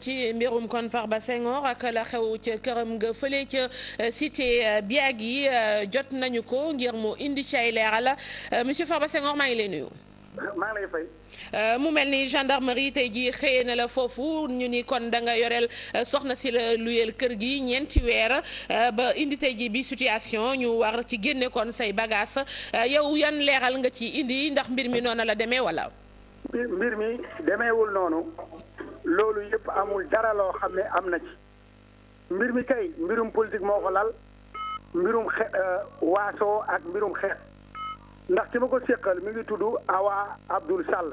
ci mbirum kon ba Senghor ak la xew ca këram nga fële ca euh, cité euh, biag yi euh, jot nañu ko ngir mu indi ci ay leeral monsieur Farba maa ngi lay nuyu. mu mel ni gendarmerie tey jii xëyee na la foofu ñu ni kon danga nga yoreel soxna si la luyeel kër gi ñeenti weer ba indi tey jii bi situation ñu war ci génne kon say bagage yow yan leeral nga ci indi ndax mbir mi noonu la demee wala. mbir mi demeewul noonu. loolu yëpp amul dara loo xam ne am na ci mbir mi kay mbirum politique moo ko lal mbirum xe euh, waasoo ak mbirum xe ndax ki ma ko séqal mi ngi tudd Awa Abdoul Sall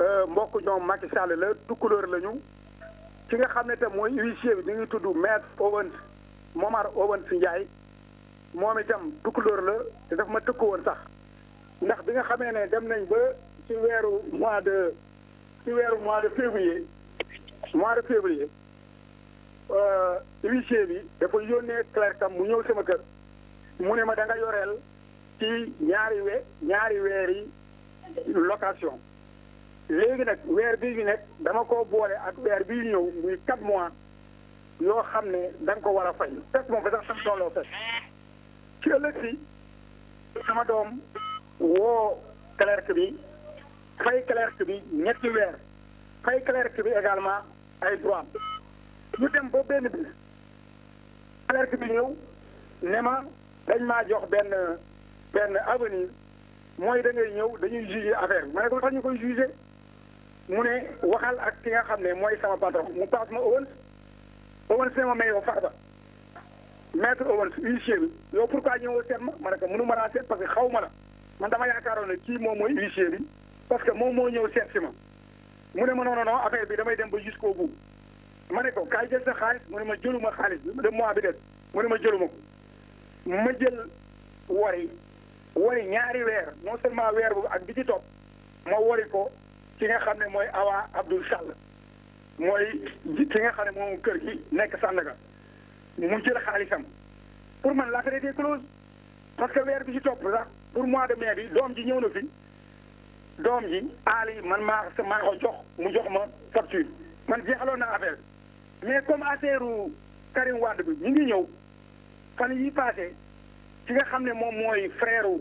euh, mbokk ñoom Macky Sall la tukkulóor la ñu ki nga xam ne tam mooy huissier bi mi ngi tudd maître Owens Momar Owens Ndiaye moom itam tukkulóor la te daf ma tëkku woon sax ndax bi nga xamee ne dem nañ ba ci weeru mois de ci weeru mois de février mois de février euh, huissier bi dafa yónnee clerc mu ñëw sama kër mu ne ma da nga yoreel ci ñaari we ñaari weer yi location léegi nag weer bi ñu nekk dama ko boole ak weer bi ñëw muy quatre mois yoo xam ne da ko war a fay fekk moom fa sax sax sama doom woo clerc bi fay clerc bi ñetti weer fay clerc bi également ay droit dem ba benn bis bi ñëw ne ma dañ maa jox benn benn avenir mooy da ñëw dañuy juger affaire bi ma ne ko tax ñu koy juger mu ne waxal ak ki nga xam ne mooy sama patron mu paas ma Owens Owens ne ma may yow Farba Owens huissier bi yow pourquoi ñëwoo seet ma ma ne ko mënu seet parce xaw ma la man dama yaakaaroon ne kii moom mooy huissier bi parce que moom moo ñëw seet si ma mu ne ma non non affaire bi damay dem ba jusqu'au bout ma ne ko kaay sa xaalis mu ne ma jëluma xaalis bi le mois bi des mu ne ma jëluma ko ma jël wari wari ñaari weer non seulement weer bu ak bi ci topp ma wari ko ki nga xam ne mooy Awa Abdoul Sall mooy ki nga xam ne moom kër gi nekk Sandaga mu jël xaalisam pour man l'affaire était close parce que weer bi ci topp sax pour mois de mai bi doom ji ñëw na fi doom ji yi man maa maa jox mu jox ma facture man jeexaloon naa affaire mais comme affaire Karim Wade bi ñu ngi ñëw fan yi passé ci nga xam ne moom mooy freeru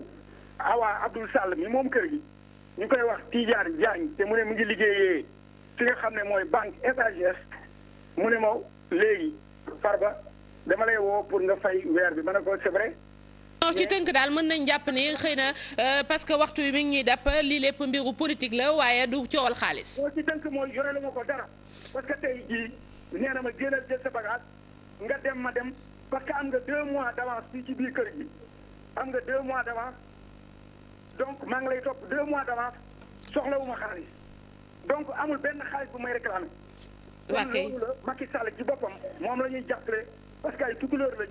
Awa Abdoul Sall mi moom kër gi ñu koy wax Tidiane Diagne te mu ne mu ngi liggéeyee ci nga xam ne mooy banque étrangère mu ne ma léegi Farba dama lay woo pour nga fay weer bi ma ne ko c'est alors ci tënk daal mën nañ jàpp ni xëy na euh, parce que waxtu yi mi ngi ñuy dàpp lii lépp mbiru politique la waaye du coowal xaalis. boo ci tënk mooy yore lu ma ko dara parce que tey jii nee na ma génnal jël sa bagage nga dem ma dem parce que am nga deux mois d'avance fii ci biir kër gi am nga deux mois d'avance donc maa ngi lay topp deux mois d'avance soxlawuma xaalis donc amul benn xaalis bu may réclamer. ok kon loolu la Macky Sall ci boppam moom la ñuy jàppale. parce que ay tukulóor lañ.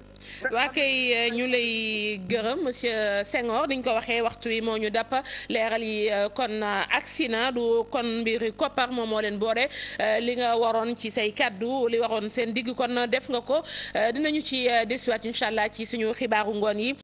waa kay euh, ñu lay gërëm monsieur Senghor ni ko waxee waxtu wi moo ñu dàpp leeral yi euh, kon euh, agsi na du kon mbiri koppar moom moo leen boole li nga waroon ci say kàddu li waroon seen diggu kon def nga ko dinañu ci desiwaat incha allah ci suñu xibaaru ngoon yi.